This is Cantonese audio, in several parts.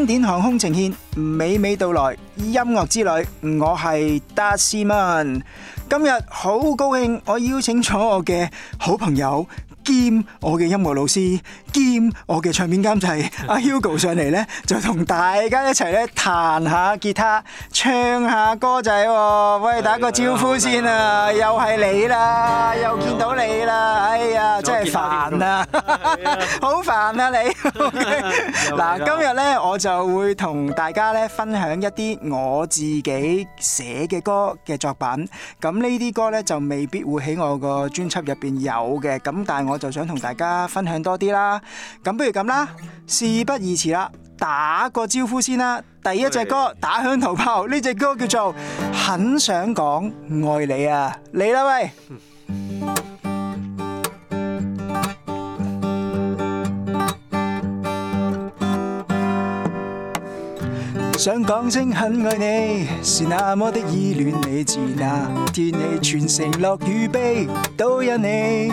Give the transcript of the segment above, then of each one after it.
經典航空呈現，娓娓道來音樂之旅。我係達斯文，今日好高興，我邀請咗我嘅好朋友兼我嘅音樂老師。兼我嘅唱片監製阿 Hugo 上嚟咧，就同大家一齊咧彈下吉他、唱下歌仔。喂，打個招呼先啊！又係你啦，又見到你啦！哎呀，真係煩啊！好煩啊！你嗱，今日咧我就會同大家咧分享一啲我自己寫嘅歌嘅作品。咁呢啲歌咧就未必會喺我個專輯入邊有嘅，咁但係我就想同大家分享多啲啦。咁不如咁啦，事不宜遲啦，打個招呼先啦。第一隻歌對打響頭炮，呢隻歌叫做《很想講愛你》啊，嚟啦喂。嗯、想講聲很愛你，是那麼的依戀你自、啊，自那天起，全城落雨，悲，都有你。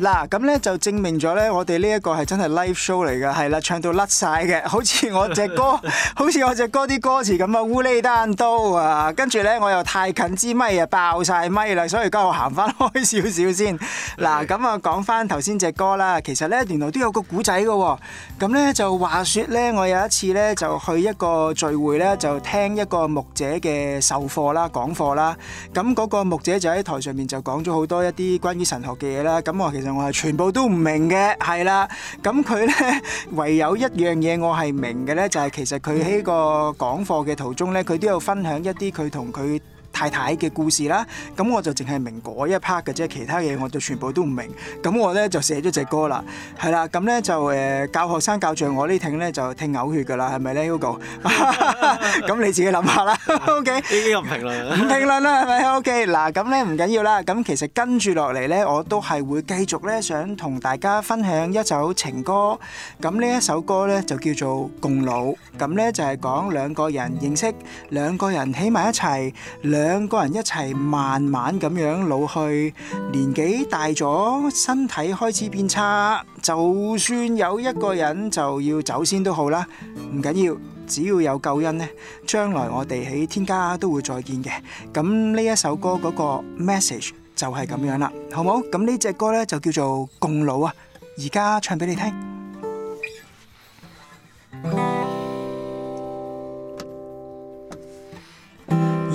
嗱，咁咧就證明咗咧，我哋呢一個係真係 live show 嚟㗎，係啦，唱到甩曬嘅，好似我隻歌，好似我隻歌啲歌詞咁啊，烏哩單刀啊，跟住咧我又太近支咪啊，爆曬咪啦，所以而家我行翻開少少先。嗱，咁啊講翻頭先隻歌啦，其實咧原來都有個古仔㗎喎。咁咧就話説咧，我有一次咧就去一個聚會咧，就聽一個牧者嘅授課啦、講課啦。咁嗰個牧者就喺台上面就講咗好多一啲關於神學嘅嘢啦。咁我其實～我係全部都唔明嘅，係啦，咁佢呢，唯有一樣嘢我係明嘅呢，就係其實佢喺個講課嘅途中呢，佢都有分享一啲佢同佢太太嘅故事啦，咁我就淨係明嗰一 part 嘅啫，其他嘢我就全部都唔明。咁我咧就寫咗隻歌啦，係啦，咁咧就誒教學生教著我呢聽咧就聽嘔血噶啦，係咪咧 Hugo？咁你自己諗下啦。OK，呢個唔評論啦，唔評論啦，係咪？OK，嗱咁咧唔緊要啦。咁其實跟住落嚟咧，我都係會繼續咧想同大家分享一首情歌。咁呢一首歌咧就叫做《共老》，咁咧就係講兩個人認識，兩個人喺埋一齊。兩兩個人一齊慢慢咁樣老去，年紀大咗，身體開始變差。就算有一個人就要走先都好啦，唔緊要，只要有救恩呢，將來我哋喺天家都會再見嘅。咁呢一首歌嗰個 message 就係咁樣啦，好唔好？咁呢隻歌呢就叫做《共老》啊，而家唱俾你聽。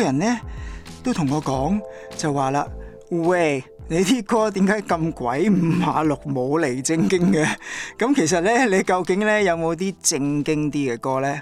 人呢都同我講，就話啦，喂，你啲歌點解咁鬼五馬六冇厘正經嘅？咁 其實呢，你究竟呢有冇啲正經啲嘅歌呢？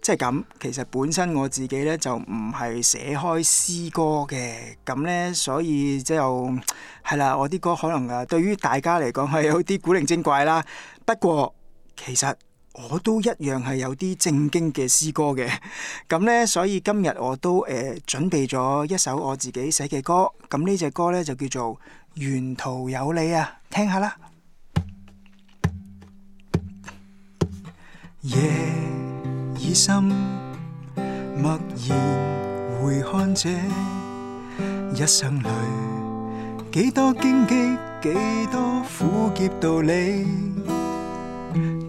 即係咁，其實本身我自己呢就唔係寫開詩歌嘅，咁呢，所以即係又係啦，我啲歌可能啊對於大家嚟講係有啲古靈精怪啦。不過其實，我都一樣係有啲正經嘅詩歌嘅，咁呢，所以今日我都誒準備咗一首我自己寫嘅歌，咁呢隻歌呢就叫做《沿途有你》啊，聽下啦。夜已深，默然回看這一生裏，幾多荊棘，幾多苦澀道理。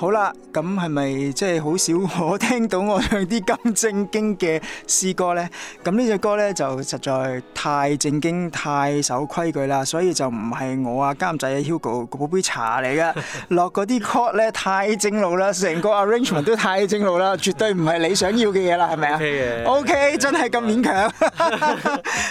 好啦，咁係咪即係好少我聽到我唱啲咁正經嘅詩歌呢？咁呢隻歌呢，就實在太正經、太守規矩啦，所以就唔係我啊監製啊 Hugo 嗰杯茶嚟㗎。落嗰啲 chord 咧太正路啦，成個 arrangement 都太正路啦， 絕對唔係你想要嘅嘢啦，係咪啊？O K 嘅，O K 真係咁勉強。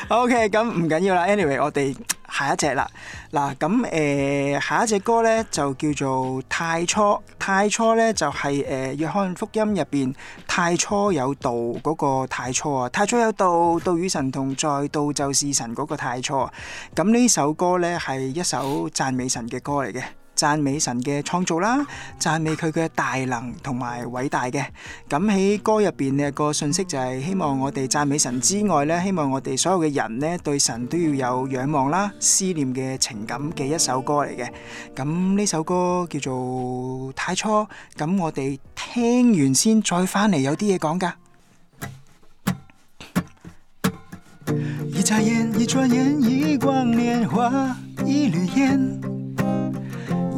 O K 咁唔緊要啦，anyway 我哋。下一隻啦，嗱咁誒，下一隻歌咧就叫做《太初》，《太初呢》咧就係、是、誒《約、呃、翰福音》入邊《太初有道》嗰、那個《太初》啊，《太初有道》，道與神同，在道就是神嗰、那個《太初》啊。咁呢首歌咧係一首讚美神嘅歌嚟嘅。讚美神嘅創造啦，讚美佢嘅大能同埋偉大嘅。咁喺歌入邊呢個信息就係希望我哋讚美神之外咧，希望我哋所有嘅人咧對神都要有仰望啦、思念嘅情感嘅一首歌嚟嘅。咁呢首歌叫做《太初》，咁我哋聽完先再翻嚟，有啲嘢講噶。一眨眼，一轉眼，一光年，化一縷煙。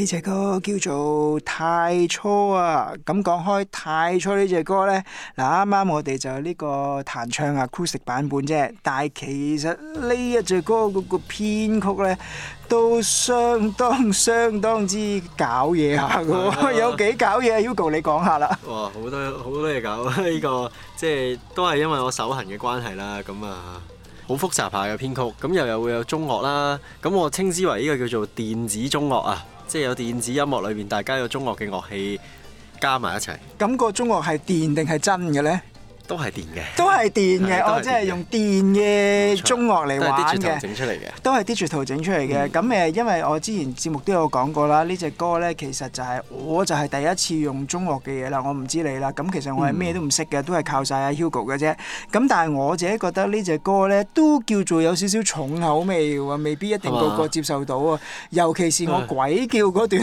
呢隻歌叫做《太初》啊。咁講開《太初》呢隻歌呢，嗱，啱啱我哋就呢個彈唱啊 acoustic 版本啫。但係其實呢一隻歌個個編曲呢，都相當相當之搞嘢下嘅，啊、 有幾搞嘢。Ugo，你講下啦。哇，好多好多嘢搞呢、 這個，即、就、係、是、都係因為我手痕嘅關係啦。咁啊，好複雜下嘅編曲，咁又有又會有中樂啦。咁我稱之為呢個叫做電子中樂啊。即係有電子音樂裏面，大家有中樂嘅樂器加埋一齊。噉個中樂係電定係真嘅咧？都係電嘅，都係電嘅，我即係用電嘅中樂嚟玩嘅，都係 Digital 整出嚟嘅，都係 Digital 整出嚟嘅。咁誒，因為我之前節目都有講過啦，呢隻歌咧其實就係我就係第一次用中樂嘅嘢啦，我唔知你啦。咁其實我係咩都唔識嘅，都係靠晒阿 Hugo 嘅啫。咁但係我自己覺得呢隻歌咧都叫做有少少重口味喎，未必一定個個接受到喎。尤其是我鬼叫嗰段。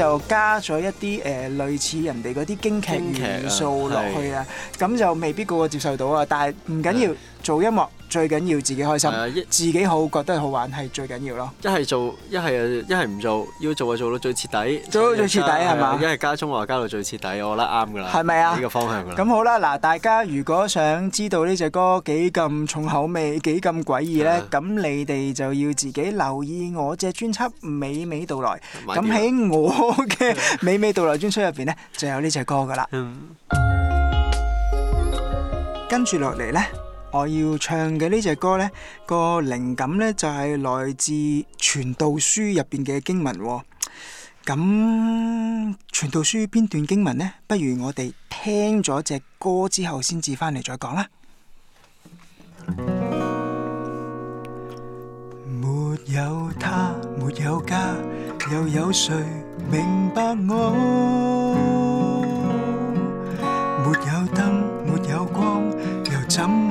就加咗一啲誒類似人哋嗰啲驚奇元素落去啊，咁就未必個個接受到啊，但係唔緊要。做音樂最緊要自己開心，自己好覺得好玩係最緊要咯。一係做，一係一係唔做，要做就做到最徹底，做到最徹底係嘛？一係加鍾話加到最徹底，我覺得啱㗎啦。係咪啊？呢個方向㗎啦。咁好啦，嗱，大家如果想知道呢隻歌幾咁重口味，幾咁詭異咧，咁你哋就要自己留意我隻專輯《美美道來》。咁喺我嘅《美美道來》專輯入邊咧，就有呢隻歌㗎啦。嗯。跟住落嚟咧。我要唱嘅呢隻歌呢、個靈感呢，就係來自《傳道書》入邊嘅經文。咁《傳道書》邊段經文呢？不如我哋聽咗隻歌之後，先至翻嚟再講啦。沒有他，沒有家，又有誰明白我？沒有燈，沒有光，又怎？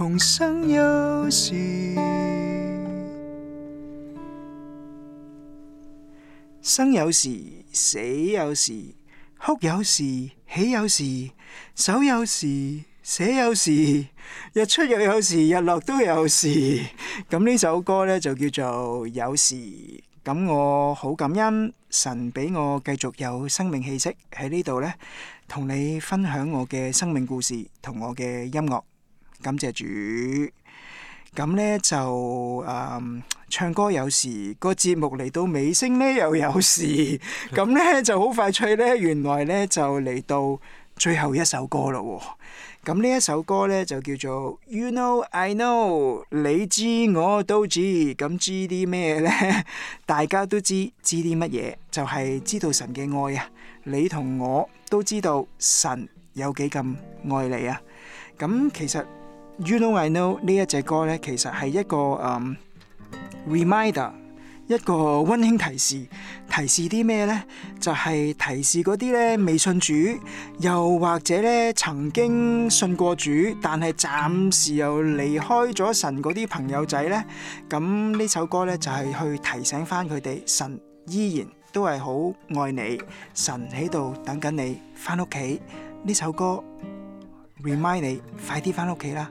同生有時，生有時，死有時，哭有時，喜有時，手有時，寫有時，日出又有時，日落都有時。咁呢首歌呢就叫做《有時》。咁我好感恩神俾我繼續有生命氣息喺呢度呢，同你分享我嘅生命故事同我嘅音樂。感謝主，咁呢就誒唱歌，有時個節目嚟到尾聲呢，又有時咁呢就好快脆呢，原來呢就嚟到最後一首歌啦喎。咁呢一首歌呢就叫做 You Know I Know，你知我都知，咁知啲咩呢？大家都知，知啲乜嘢？就係知道神嘅愛啊！你同我都知道神有幾咁愛你啊！咁其實。You know I know 呢一隻歌呢，其實係一個嗯 reminder，一個溫馨提示。提示啲咩呢？就係提示嗰啲呢，未信主，又或者呢曾經信過主，但係暫時又離開咗神嗰啲朋友仔呢。咁呢首歌呢就係去提醒翻佢哋，神依然都係好愛你，神喺度等緊你翻屋企。呢首歌 remind 你快啲翻屋企啦！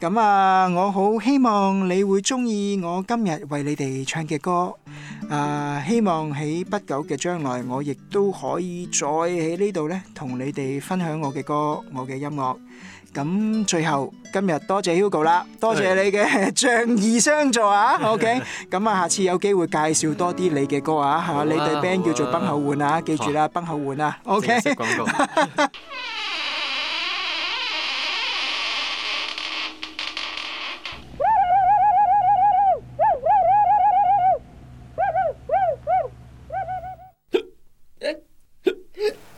咁啊，我好希望你會中意我今日為你哋唱嘅歌。啊，希望喺不久嘅將來，我亦都可以再喺呢度呢，同你哋分享我嘅歌，我嘅音樂。咁最後今日多謝 Hugo 啦，多謝你嘅仗義相助啊。OK，咁啊，下次有機會介紹多啲你嘅歌啊。吓，你對 band 叫做崩口換啊，記住啦，崩口換啊。OK。